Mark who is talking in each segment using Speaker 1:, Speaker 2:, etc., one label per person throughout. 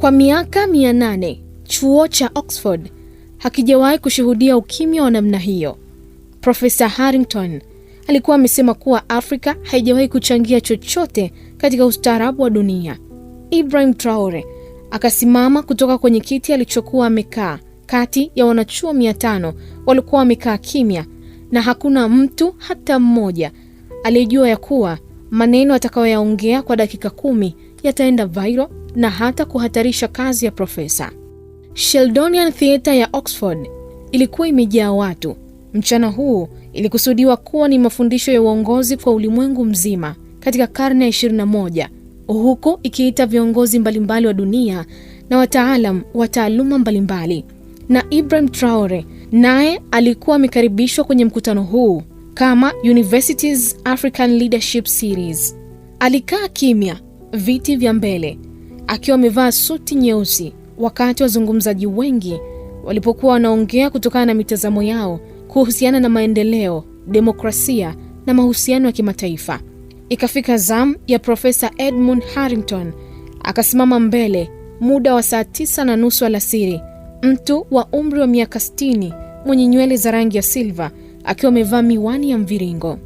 Speaker 1: Kwa miaka mia nane chuo cha Oxford hakijawahi kushuhudia ukimya wa namna hiyo. Profesa Harrington alikuwa amesema kuwa Afrika haijawahi kuchangia chochote katika ustaarabu wa dunia. Ibrahim Traore akasimama kutoka kwenye kiti alichokuwa amekaa. Kati ya wanachuo mia tano walikuwa wamekaa kimya, na hakuna mtu hata mmoja aliyejua ya kuwa maneno atakayoyaongea kwa dakika kumi yataenda viral na hata kuhatarisha kazi ya profesa. Sheldonian Theatre ya Oxford ilikuwa imejaa watu. Mchana huu ilikusudiwa kuwa ni mafundisho ya uongozi kwa ulimwengu mzima katika karne ya 21 huku ikiita viongozi mbalimbali wa dunia na wataalam wa taaluma mbalimbali. Na Ibrahim Traore naye alikuwa amekaribishwa kwenye mkutano huu kama Universities African Leadership Series. Alikaa kimya, viti vya mbele, akiwa amevaa suti nyeusi, wakati wazungumzaji wengi walipokuwa wanaongea kutokana na mitazamo yao kuhusiana na maendeleo, demokrasia na mahusiano ya kimataifa. Ikafika zam ya Profesa Edmund Harrington akasimama mbele muda wa saa tisa na nusu alasiri, mtu wa umri wa miaka 60 mwenye nywele za rangi ya silva akiwa amevaa miwani ya mviringo.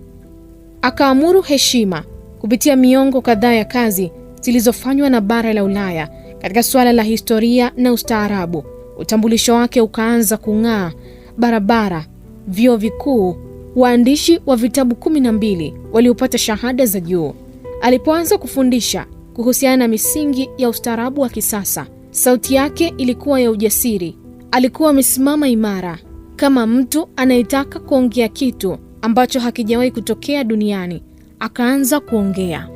Speaker 1: Akaamuru heshima kupitia miongo kadhaa ya kazi zilizofanywa na bara la Ulaya katika suala la historia na ustaarabu, utambulisho wake ukaanza kung'aa. Barabara, vyuo vikuu, waandishi wa vitabu kumi na mbili waliopata shahada za juu. Alipoanza kufundisha kuhusiana na misingi ya ustaarabu wa kisasa, sauti yake ilikuwa ya ujasiri. Alikuwa amesimama imara kama mtu anayetaka kuongea kitu ambacho hakijawahi kutokea duniani. Akaanza kuongea.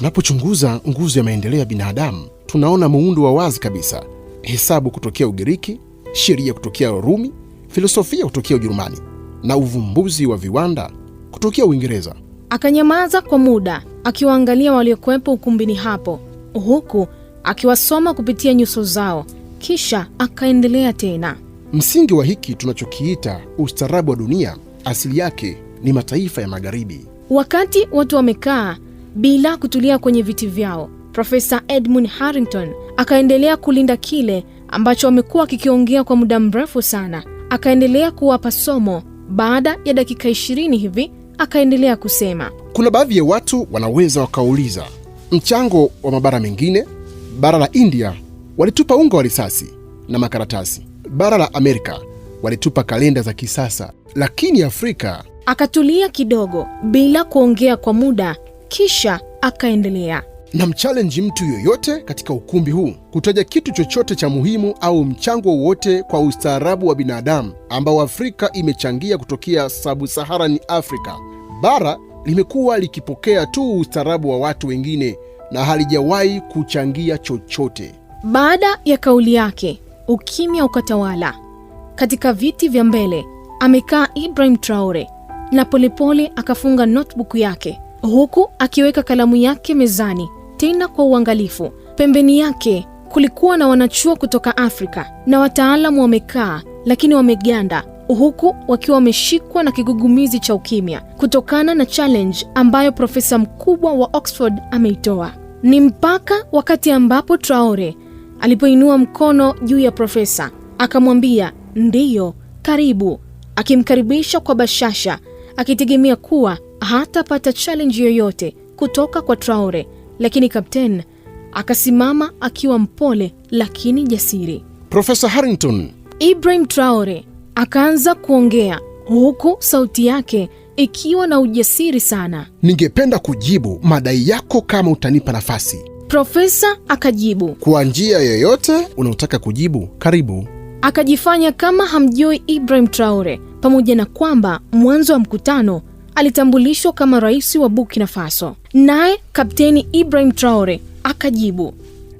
Speaker 2: Tunapochunguza nguzo ya maendeleo ya binadamu, tunaona muundo wa wazi kabisa: hesabu kutokea Ugiriki, sheria kutokea Urumi, filosofia kutokea Ujerumani na uvumbuzi wa viwanda kutokea Uingereza.
Speaker 1: Akanyamaza kwa muda akiwaangalia waliokuwepo ukumbini hapo, huku akiwasoma kupitia nyuso zao, kisha akaendelea tena.
Speaker 2: Msingi wa hiki tunachokiita ustaarabu wa dunia asili yake ni mataifa ya Magharibi.
Speaker 1: Wakati watu wamekaa bila kutulia kwenye viti vyao. Profesa Edmund Harrington akaendelea kulinda kile ambacho wamekuwa kikiongea kwa muda mrefu sana, akaendelea kuwapa somo. Baada ya dakika ishirini hivi akaendelea kusema,
Speaker 2: kuna baadhi ya watu wanaweza wakauliza mchango wa mabara mengine. Bara la India walitupa unga wa risasi na makaratasi, bara la Amerika walitupa kalenda za kisasa, lakini Afrika.
Speaker 1: Akatulia kidogo bila kuongea kwa muda kisha akaendelea,
Speaker 2: na mchalenji mtu yoyote katika ukumbi huu kutaja kitu chochote cha muhimu au mchango wowote kwa ustaarabu wa binadamu ambao Afrika imechangia kutokea sabusaharani afrika Bara limekuwa likipokea tu ustaarabu wa watu wengine na halijawahi kuchangia chochote.
Speaker 1: Baada ya kauli yake, ukimya ukatawala. Katika viti vya mbele amekaa Ibrahim Traore na polepole akafunga notebook yake huku akiweka kalamu yake mezani tena kwa uangalifu. Pembeni yake kulikuwa na wanachuo kutoka Afrika na wataalamu wamekaa, lakini wameganda, huku wakiwa wameshikwa na kigugumizi cha ukimya kutokana na challenge ambayo profesa mkubwa wa Oxford ameitoa. Ni mpaka wakati ambapo Traore alipoinua mkono juu ya profesa akamwambia ndiyo, karibu, akimkaribisha kwa bashasha, akitegemea kuwa hatapata challenge yoyote kutoka kwa Traore, lakini kapteni akasimama akiwa mpole lakini jasiri.
Speaker 2: Profesa Harrington,
Speaker 1: Ibrahim Traore akaanza kuongea huku sauti yake ikiwa na ujasiri sana.
Speaker 2: Ningependa kujibu madai yako kama utanipa nafasi.
Speaker 1: Profesa akajibu
Speaker 2: kwa njia yoyote unaotaka kujibu, karibu.
Speaker 1: Akajifanya kama hamjui Ibrahim Traore, pamoja na kwamba mwanzo wa mkutano alitambulishwa kama rais wa Burkina Faso, naye Kapteni Ibrahim Traore akajibu,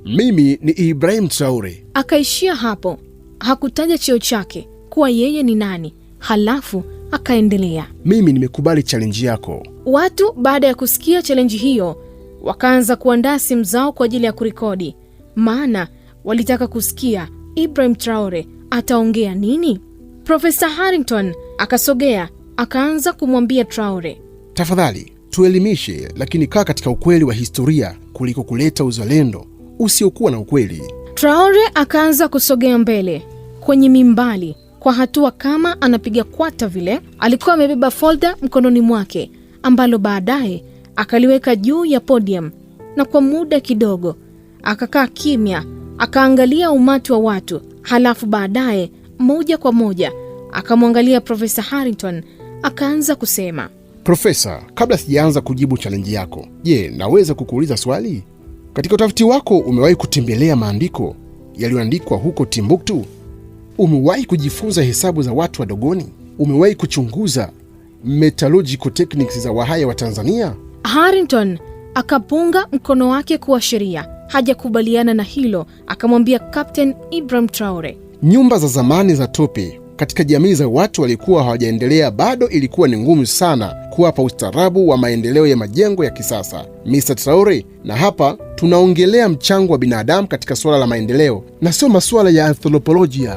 Speaker 2: mimi ni Ibrahim Traore.
Speaker 1: Akaishia hapo, hakutaja cheo chake kuwa yeye ni nani. Halafu akaendelea,
Speaker 2: mimi nimekubali challenge yako.
Speaker 1: Watu baada ya kusikia chalenji hiyo wakaanza kuandaa simu zao kwa ajili ya kurekodi, maana walitaka kusikia Ibrahim Traore ataongea nini. Profesa Harrington akasogea akaanza kumwambia Traore,
Speaker 2: tafadhali tuelimishe, lakini kaa katika ukweli wa historia kuliko kuleta uzalendo usiokuwa na ukweli.
Speaker 1: Traore akaanza kusogea mbele kwenye mimbali kwa hatua kama anapiga kwata vile. Alikuwa amebeba folda mkononi mwake ambalo baadaye akaliweka juu ya podium, na kwa muda kidogo akakaa kimya, akaangalia umati wa watu, halafu baadaye moja kwa moja akamwangalia Profesa Harrington akaanza kusema,
Speaker 2: Profesa, kabla sijaanza kujibu chalenji yako, je, naweza kukuuliza swali? Katika utafiti wako umewahi kutembelea maandiko yaliyoandikwa huko Timbuktu? Umewahi kujifunza hesabu za watu wa Dogoni? Umewahi kuchunguza metallurgical techniques za Wahaya wa Tanzania?
Speaker 1: Harrington akapunga mkono wake kuashiria hajakubaliana na hilo, akamwambia Captain Ibrahim traure
Speaker 2: nyumba za zamani za tope katika jamii za watu walikuwa hawajaendelea bado ilikuwa ni ngumu sana kuwapa ustaarabu wa maendeleo ya majengo ya kisasa. Mr. Traore, na hapa tunaongelea mchango wa binadamu katika suala la maendeleo na sio masuala ya anthropolojia.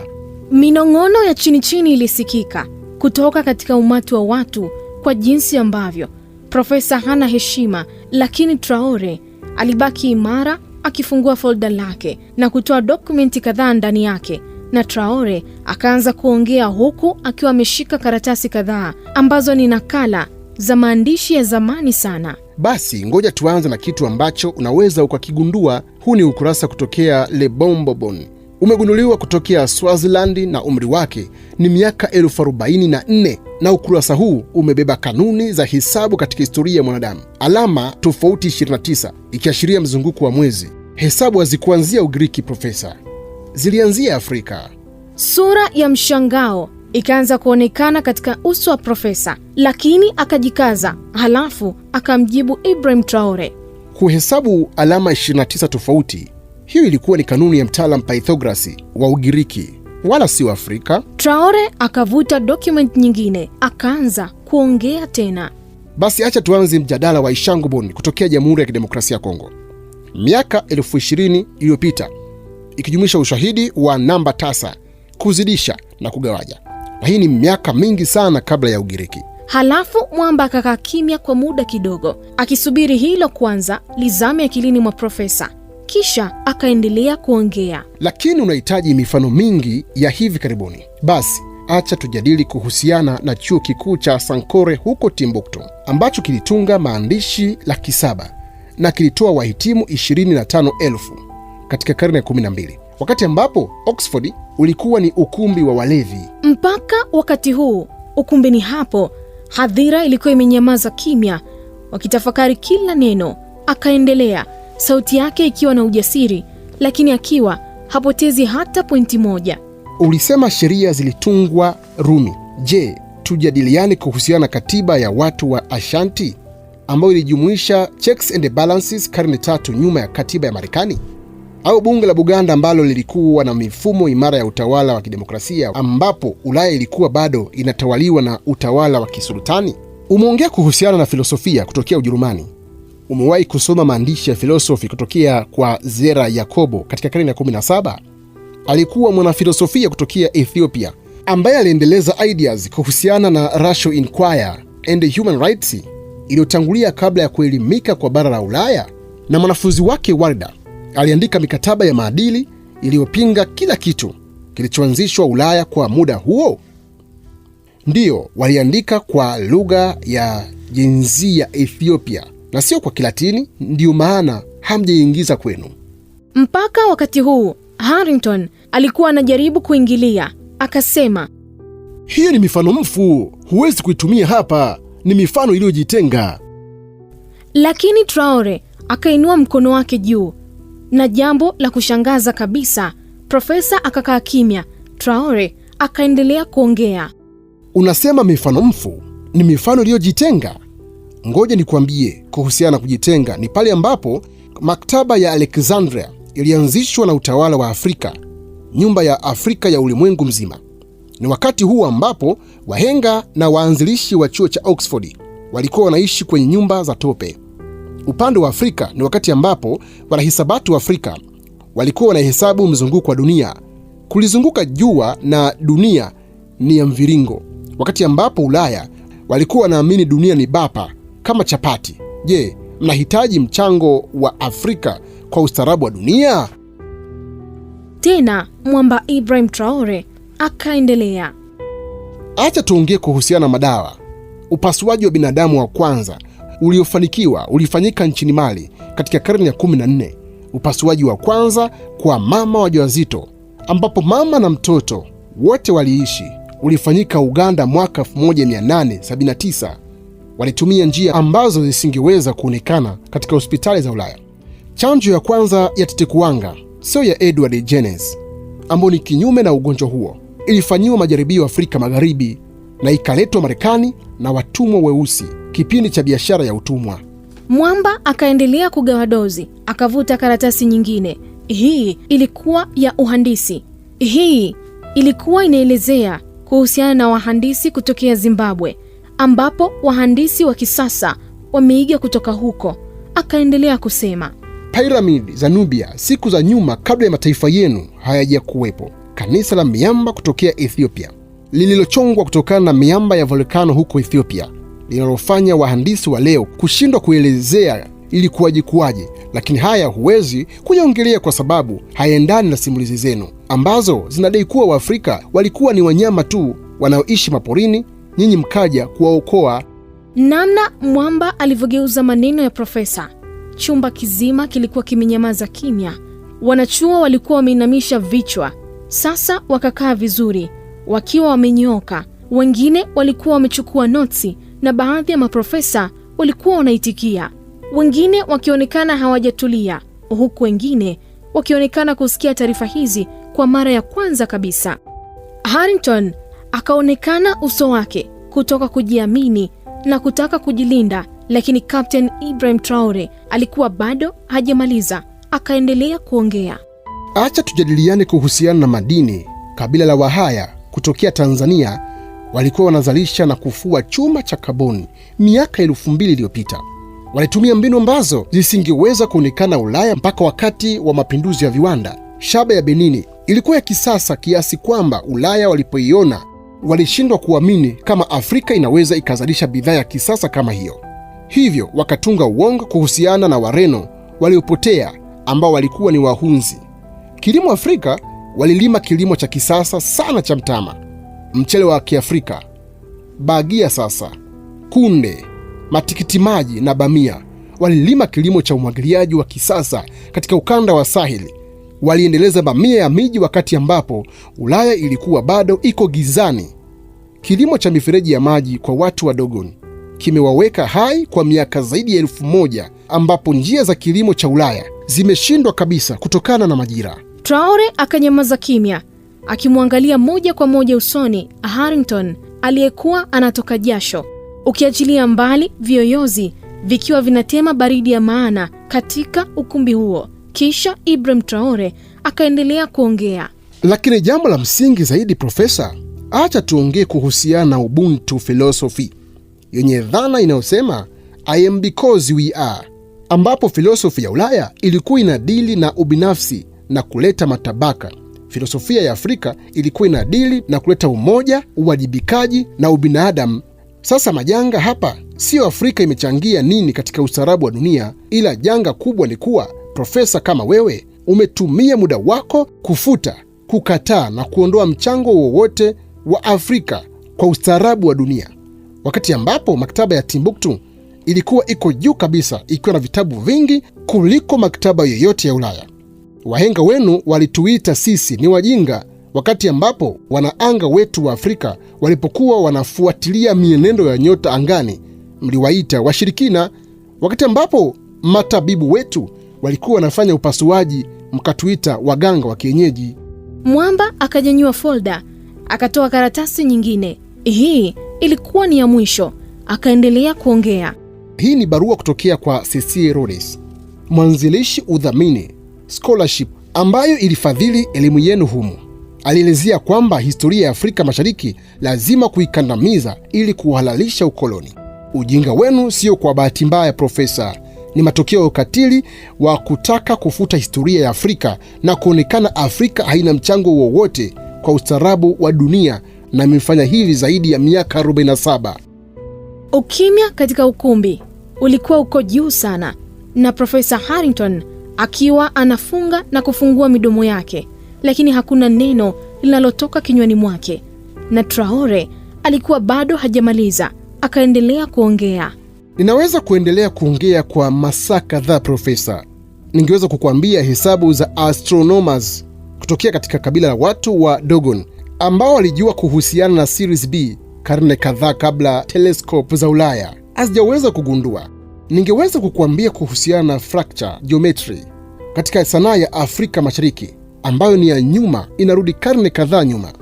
Speaker 1: Minong'ono ya chini chini ilisikika kutoka katika umati wa watu kwa jinsi ambavyo profesa hana heshima, lakini Traore alibaki imara, akifungua folda lake na kutoa dokumenti kadhaa ndani yake na Traore akaanza kuongea huku akiwa ameshika karatasi kadhaa ambazo ni nakala za maandishi ya zamani sana.
Speaker 2: Basi ngoja tuanze na kitu ambacho unaweza ukakigundua. Huu ni ukurasa kutokea Le Bombobon, umegunduliwa kutokea Swaziland na umri wake ni miaka elfu arobaini na nne na ukurasa huu umebeba kanuni za hesabu katika historia ya mwanadamu, alama tofauti 29 ikiashiria mzunguko wa mwezi. Hesabu hazikuanzia Ugiriki, Profesa zilianzia Afrika.
Speaker 1: Sura ya mshangao ikaanza kuonekana katika uso wa profesa, lakini akajikaza, halafu akamjibu Ibrahim Traore.
Speaker 2: Kuhesabu alama 29 tofauti, hiyo ilikuwa ni kanuni ya mtaalam Pythagoras wa Ugiriki, wala sio Afrika.
Speaker 1: Traore akavuta document nyingine, akaanza kuongea tena.
Speaker 2: Basi acha tuanze mjadala wa Ishangubon kutokea Jamhuri ya Kidemokrasia ya Kongo, miaka elfu ishirini iliyopita ikijumuisha ushahidi wa namba tasa, kuzidisha na kugawaja, na hii ni miaka mingi sana kabla ya Ugiriki.
Speaker 1: Halafu mwamba akakaa kimya kwa muda kidogo, akisubiri hilo kwanza lizame akilini mwa profesa, kisha akaendelea kuongea.
Speaker 2: Lakini unahitaji mifano mingi ya hivi karibuni. Basi acha tujadili kuhusiana na chuo kikuu cha Sankore huko Timbuktu, ambacho kilitunga maandishi laki saba na kilitoa wahitimu elfu katika karne ya 12 wakati ambapo Oxford ulikuwa ni ukumbi wa walevi.
Speaker 1: Mpaka wakati huu ukumbini hapo hadhira ilikuwa imenyamaza kimya, wakitafakari kila neno. Akaendelea, sauti yake ikiwa na ujasiri, lakini akiwa hapotezi hata pointi moja.
Speaker 2: Ulisema sheria zilitungwa Rumi. Je, tujadiliane kuhusiana na katiba ya watu wa Ashanti ambayo ilijumuisha checks and balances karne tatu nyuma ya katiba ya Marekani? au bunge la Buganda ambalo lilikuwa na mifumo imara ya utawala wa kidemokrasia ambapo Ulaya ilikuwa bado inatawaliwa na utawala wa kisultani? Umeongea kuhusiana na filosofia kutokea Ujerumani. Umewahi kusoma maandishi ya filosofi kutokea kwa Zera Yakobo katika karne ya 17? Alikuwa mwanafilosofia kutokea Ethiopia ambaye aliendeleza ideas kuhusiana na Rational Inquiry and Human Rights iliyotangulia kabla ya kuelimika kwa bara la Ulaya na mwanafunzi wake Warda aliandika mikataba ya maadili iliyopinga kila kitu kilichoanzishwa Ulaya kwa muda huo. Ndiyo, waliandika kwa lugha ya jenzi ya Ethiopia na sio kwa Kilatini, ndiyo maana hamjaingiza kwenu.
Speaker 1: Mpaka wakati huu Harrington alikuwa anajaribu kuingilia, akasema,
Speaker 2: hiyo ni mifano mfu, huwezi kuitumia hapa, ni mifano iliyojitenga.
Speaker 1: Lakini Traore akainua mkono wake juu na jambo la kushangaza kabisa, profesa akakaa kimya, Traore akaendelea kuongea.
Speaker 2: Unasema mifano mfu ni mifano iliyojitenga? Ngoja nikuambie kuhusiana na kujitenga, ni pale ambapo maktaba ya Alexandria ilianzishwa na utawala wa Afrika, nyumba ya Afrika ya ulimwengu mzima. Ni wakati huo ambapo wahenga na waanzilishi wa chuo cha Oxford walikuwa wanaishi kwenye nyumba za tope. Upande wa Afrika ni wakati ambapo wanahisabati wa Afrika walikuwa wanahesabu mzunguko wa dunia. Kulizunguka jua na dunia ni ya mviringo, wakati ambapo Ulaya walikuwa wanaamini dunia ni bapa kama chapati. Je, mnahitaji mchango wa Afrika kwa ustaarabu wa dunia?
Speaker 1: Tena mwamba Ibrahim Traore akaendelea,
Speaker 2: acha tuongee kuhusiana na madawa. Upasuaji wa binadamu wa kwanza uliofanikiwa ulifanyika nchini Mali katika karne ya 14, upasuaji wa kwanza kwa mama wajawazito, ambapo mama na mtoto wote waliishi, ulifanyika Uganda mwaka 1879. Walitumia njia ambazo zisingeweza kuonekana katika hospitali za Ulaya. Chanjo ya kwanza ya tetekuwanga, sio ya Edward Jenner, ambayo ni kinyume na ugonjwa huo, ilifanyiwa majaribio Afrika Magharibi na ikaletwa Marekani na watumwa weusi, kipindi cha biashara ya utumwa.
Speaker 1: Mwamba akaendelea kugawa dozi, akavuta karatasi nyingine. Hii ilikuwa ya uhandisi. Hii ilikuwa inaelezea kuhusiana na wahandisi kutokea Zimbabwe, ambapo wahandisi wa kisasa wameiga kutoka huko. Akaendelea kusema,
Speaker 2: piramidi za Nubia siku za nyuma, kabla ya mataifa yenu hayajakuwepo, kanisa la miamba kutokea Ethiopia lililochongwa kutokana na miamba ya volkano huko Ethiopia, linalofanya wahandisi wa leo kushindwa kuelezea ilikuwaje kuwaje, lakini haya huwezi kuyaongelea kwa sababu hayaendani na simulizi zenu ambazo zinadai kuwa Waafrika walikuwa ni wanyama tu wanaoishi maporini, nyinyi mkaja kuwaokoa.
Speaker 1: Namna mwamba alivyogeuza maneno ya profesa, chumba kizima kilikuwa kimenyamaza kimya. Wanachuo walikuwa wameinamisha vichwa, sasa wakakaa vizuri wakiwa wamenyoka. Wengine walikuwa wamechukua notsi na baadhi ya maprofesa walikuwa wanaitikia, wengine wakionekana hawajatulia, huku wengine wakionekana kusikia taarifa hizi kwa mara ya kwanza kabisa. Harrington akaonekana uso wake kutoka kujiamini na kutaka kujilinda, lakini Captain Ibrahim Traore alikuwa bado hajamaliza, akaendelea kuongea.
Speaker 2: Acha tujadiliane kuhusiana na madini. Kabila la Wahaya kutokea Tanzania walikuwa wanazalisha na kufua chuma cha kaboni miaka elfu mbili iliyopita. Walitumia mbinu ambazo zisingeweza kuonekana Ulaya mpaka wakati wa mapinduzi ya viwanda. Shaba ya Benini ilikuwa ya kisasa kiasi kwamba Ulaya walipoiona walishindwa kuamini kama Afrika inaweza ikazalisha bidhaa ya kisasa kama hiyo. Hivyo wakatunga uongo kuhusiana na Wareno waliopotea ambao walikuwa ni wahunzi. Kilimo Afrika walilima kilimo cha kisasa sana cha mtama, mchele wa Kiafrika, bagia sasa, kunde, matikiti maji na bamia. Walilima kilimo cha umwagiliaji wa kisasa katika ukanda wa Sahili. Waliendeleza mamia ya miji wakati ambapo Ulaya ilikuwa bado iko gizani. Kilimo cha mifereji ya maji kwa watu wa Dogon kimewaweka hai kwa miaka zaidi ya elfu moja ambapo njia za kilimo cha Ulaya zimeshindwa kabisa kutokana na majira.
Speaker 1: Traore akanyamaza kimya akimwangalia moja kwa moja usoni Harrington aliyekuwa anatoka jasho, ukiachilia mbali vioyozi vikiwa vinatema baridi ya maana katika ukumbi huo. Kisha Ibrahim Traore akaendelea kuongea.
Speaker 2: Lakini jambo la msingi zaidi, profesa, acha tuongee kuhusiana na ubuntu philosophy yenye dhana inayosema I am because we are, ambapo filosofi ya Ulaya ilikuwa inadili na ubinafsi na kuleta matabaka. Filosofia ya Afrika ilikuwa inadili na kuleta umoja, uwajibikaji na ubinadamu. Sasa majanga hapa siyo Afrika imechangia nini katika ustaarabu wa dunia, ila janga kubwa ni kuwa profesa kama wewe umetumia muda wako kufuta, kukataa na kuondoa mchango wowote wa Afrika kwa ustaarabu wa dunia, wakati ambapo maktaba ya Timbuktu ilikuwa iko juu kabisa, ikiwa na vitabu vingi kuliko maktaba yoyote ya Ulaya. Wahenga wenu walituita sisi ni wajinga, wakati ambapo wanaanga wetu wa Afrika walipokuwa wanafuatilia mienendo ya nyota angani mliwaita washirikina, wakati ambapo matabibu wetu walikuwa wanafanya upasuaji mkatuita waganga wa kienyeji.
Speaker 1: Mwamba akanyanyua folda akatoa karatasi nyingine, hii ilikuwa ni ya mwisho. Akaendelea kuongea,
Speaker 2: hii ni barua kutokea kwa Cecil Rhodes, mwanzilishi udhamini Scholarship ambayo ilifadhili elimu yenu humu. Alielezea kwamba historia ya Afrika Mashariki lazima kuikandamiza ili kuhalalisha ukoloni. Ujinga wenu sio kwa bahati mbaya, profesa, ni matokeo ya ukatili wa kutaka kufuta historia ya Afrika na kuonekana Afrika haina mchango wowote kwa ustaarabu wa dunia, na imefanya hivi zaidi ya miaka 47.
Speaker 1: Ukimya katika ukumbi ulikuwa uko juu sana, na Profesa Harrington akiwa anafunga na kufungua midomo yake, lakini hakuna neno linalotoka kinywani mwake, na Traore alikuwa bado hajamaliza, akaendelea kuongea.
Speaker 2: Ninaweza kuendelea kuongea kwa masaa kadhaa, Profesa. Ningeweza kukuambia hesabu za astronomers kutokea katika kabila la watu wa Dogon ambao walijua kuhusiana na Sirius B karne kadhaa kabla teleskopu za Ulaya hazijaweza kugundua. Ningeweza kukuambia kuhusiana na fracture geometry katika sanaa ya Afrika Mashariki ambayo ni ya nyuma, inarudi karne kadhaa nyuma.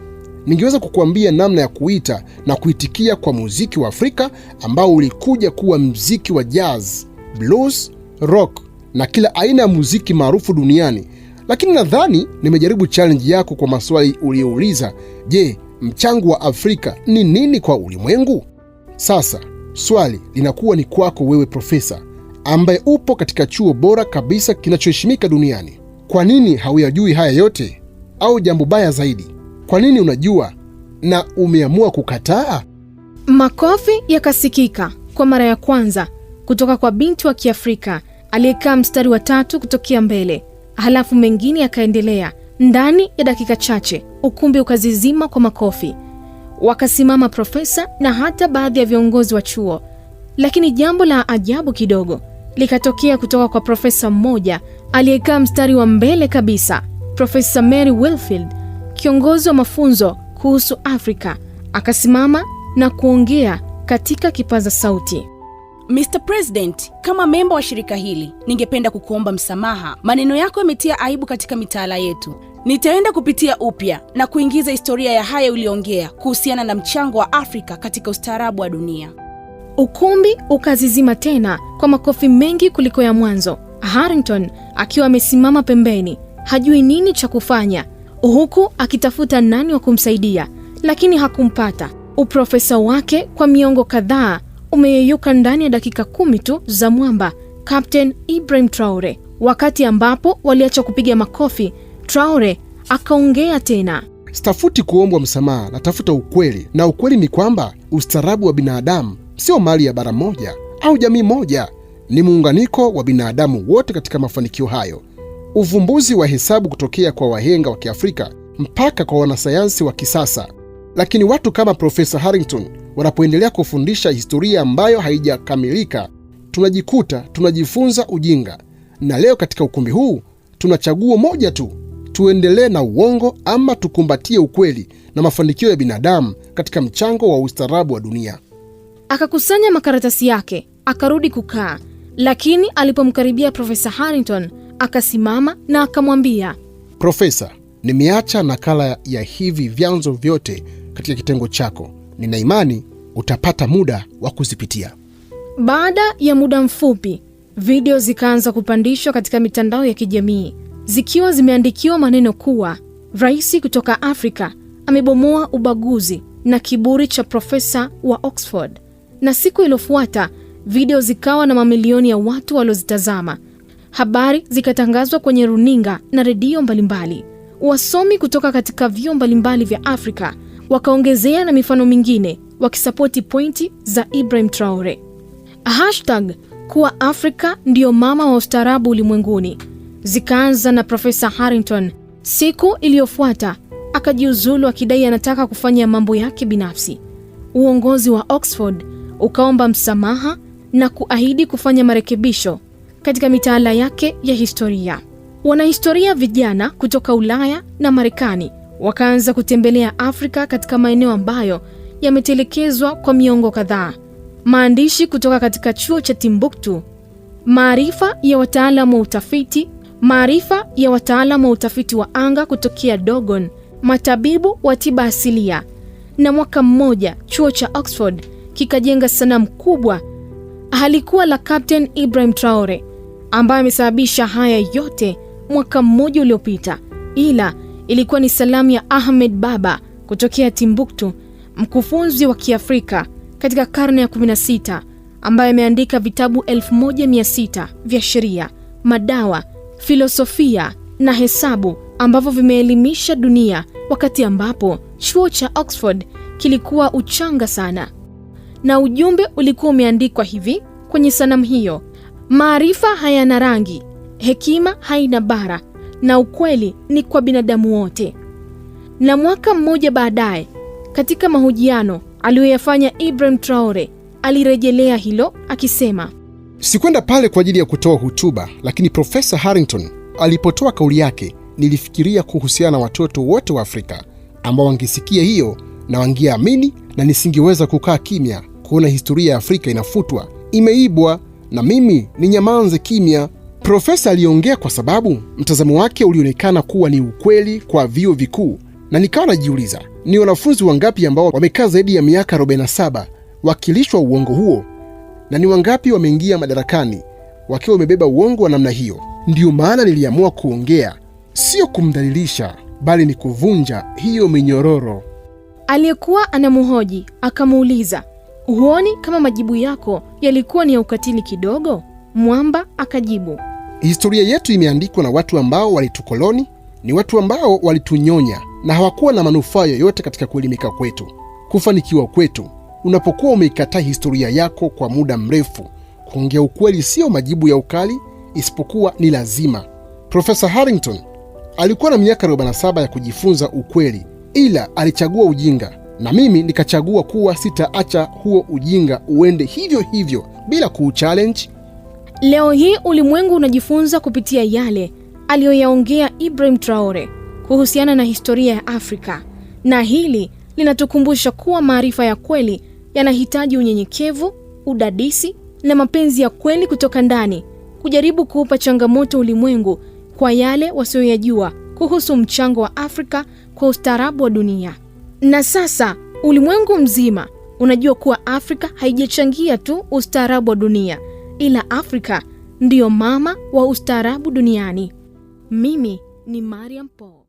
Speaker 2: Ningeweza kukuambia namna ya kuita na kuitikia kwa muziki wa Afrika ambao ulikuja kuwa mziki wa jazz, blues, rock na kila aina ya muziki maarufu duniani, lakini nadhani nimejaribu challenge yako kwa maswali uliyouliza. Je, mchango wa Afrika ni nini kwa ulimwengu? Sasa Swali linakuwa ni kwako wewe profesa, ambaye upo katika chuo bora kabisa kinachoheshimika duniani. Kwa nini hauyajui haya yote? Au jambo baya zaidi, kwa nini unajua na umeamua kukataa?
Speaker 1: Makofi yakasikika kwa mara ya kwanza kutoka kwa binti wa Kiafrika aliyekaa mstari wa tatu kutokea mbele, halafu mengine yakaendelea ndani ya dakika chache. Ukumbi ukazizima kwa makofi wakasimama profesa na hata baadhi ya viongozi wa chuo. Lakini jambo la ajabu kidogo likatokea kutoka kwa profesa mmoja aliyekaa mstari wa mbele kabisa, Profesa Mary Wilfield, kiongozi wa mafunzo kuhusu Afrika, akasimama na kuongea katika kipaza sauti.
Speaker 3: Mr President, kama memba wa shirika hili, ningependa kukuomba msamaha. Maneno yako yametia aibu katika mitaala yetu Nitaenda kupitia upya na kuingiza historia ya haya uliongea kuhusiana na mchango wa Afrika katika ustaarabu wa dunia.
Speaker 1: Ukumbi ukazizima tena kwa makofi mengi kuliko ya mwanzo, Harrington akiwa amesimama pembeni, hajui nini cha kufanya, huku akitafuta nani wa kumsaidia, lakini hakumpata. Uprofesa wake kwa miongo kadhaa umeyeyuka ndani ya dakika kumi tu za mwamba Captain Ibrahim Traore, wakati ambapo waliacha kupiga makofi Traore akaongea tena,
Speaker 2: sitafuti kuombwa msamaha, natafuta ukweli, na ukweli ni kwamba ustaarabu wa binadamu sio mali ya bara moja au jamii moja, ni muunganiko wa binadamu wote. Katika mafanikio hayo, uvumbuzi wa hesabu kutokea kwa wahenga wa Kiafrika mpaka kwa wanasayansi wa kisasa. Lakini watu kama Profesa Harrington wanapoendelea kufundisha historia ambayo haijakamilika, tunajikuta tunajifunza ujinga. Na leo katika ukumbi huu tuna chaguo moja tu tuendelee na uongo ama tukumbatie ukweli na mafanikio ya binadamu katika mchango wa ustaarabu wa dunia.
Speaker 1: Akakusanya makaratasi yake akarudi kukaa, lakini alipomkaribia Profesa Harrington akasimama na akamwambia,
Speaker 2: Profesa, nimeacha nakala ya hivi vyanzo vyote katika kitengo chako. Nina imani utapata muda wa kuzipitia.
Speaker 1: Baada ya muda mfupi, video zikaanza kupandishwa katika mitandao ya kijamii zikiwa zimeandikiwa maneno kuwa rais kutoka Afrika amebomoa ubaguzi na kiburi cha profesa wa Oxford. Na siku iliyofuata video zikawa na mamilioni ya watu waliozitazama. Habari zikatangazwa kwenye runinga na redio mbalimbali. Wasomi kutoka katika vyuo mbalimbali vya Afrika wakaongezea na mifano mingine wakisapoti pointi za Ibrahim Traore. Hashtag kuwa Afrika ndiyo mama wa ustaarabu ulimwenguni zikaanza na Profesa Harrington. Siku iliyofuata akajiuzulu akidai anataka kufanya mambo yake binafsi. Uongozi wa Oxford ukaomba msamaha na kuahidi kufanya marekebisho katika mitaala yake ya historia. Wanahistoria vijana kutoka Ulaya na Marekani wakaanza kutembelea Afrika katika maeneo ambayo yametelekezwa kwa miongo kadhaa. Maandishi kutoka katika chuo cha Timbuktu, maarifa ya wataalamu wa utafiti maarifa ya wataalamu wa utafiti wa anga kutokea Dogon, matabibu wa tiba asilia, na mwaka mmoja chuo cha Oxford kikajenga sanamu kubwa halikuwa la Captain Ibrahim Traore ambaye amesababisha haya yote mwaka mmoja uliopita, ila ilikuwa ni salamu ya Ahmed Baba kutokea Timbuktu, mkufunzi wa Kiafrika katika karne ya 16 ambaye ameandika vitabu 1600 vya sheria, madawa filosofia na hesabu ambavyo vimeelimisha dunia wakati ambapo chuo cha Oxford kilikuwa uchanga sana. Na ujumbe ulikuwa umeandikwa hivi kwenye sanamu hiyo: maarifa hayana rangi, hekima haina bara, na ukweli ni kwa binadamu wote. Na mwaka mmoja baadaye, katika mahojiano aliyoyafanya Ibrahim Traore alirejelea hilo akisema
Speaker 2: Sikwenda pale kwa ajili ya kutoa hutuba lakini Profesa Harrington alipotoa kauli yake, nilifikiria kuhusiana na watoto wote wa Afrika ambao wangesikia hiyo na wangeamini, na nisingeweza kukaa kimya kuona historia ya Afrika inafutwa, imeibwa, na mimi ni nyamanze kimya. Profesa aliongea kwa sababu mtazamo wake ulionekana kuwa ni ukweli kwa vio vikuu, na nikawa najiuliza ni wanafunzi wangapi ambao wamekaa zaidi ya miaka 47 wakilishwa uongo huo na ni wangapi wameingia madarakani wakiwa wamebeba uongo wa namna hiyo? Ndiyo maana niliamua kuongea, sio kumdhalilisha, bali ni kuvunja hiyo minyororo.
Speaker 1: Aliyekuwa anamhoji akamuuliza, huoni kama majibu yako yalikuwa ni ya ukatili kidogo? Mwamba akajibu,
Speaker 2: historia yetu imeandikwa na watu ambao walitukoloni, ni watu ambao walitunyonya na hawakuwa na manufaa yoyote katika kuelimika kwetu, kufanikiwa kwetu Unapokuwa umeikataa historia yako kwa muda mrefu, kuongea ukweli sio majibu ya ukali, isipokuwa ni lazima. Profesa Harrington alikuwa na miaka 47 ya kujifunza ukweli, ila alichagua ujinga, na mimi nikachagua kuwa sitaacha huo ujinga uende hivyo hivyo bila kuuchallenji
Speaker 1: Leo hii ulimwengu unajifunza kupitia yale aliyoyaongea Ibrahim Traore kuhusiana na historia ya Afrika, na hili linatukumbusha kuwa maarifa ya kweli yanahitaji unyenyekevu, udadisi na mapenzi ya kweli kutoka ndani, kujaribu kuupa changamoto ulimwengu kwa yale wasioyajua kuhusu mchango wa Afrika kwa ustaarabu wa dunia. Na sasa ulimwengu mzima unajua kuwa Afrika haijachangia tu ustaarabu wa dunia, ila Afrika ndiyo mama wa ustaarabu duniani. Mimi ni Mariam Po.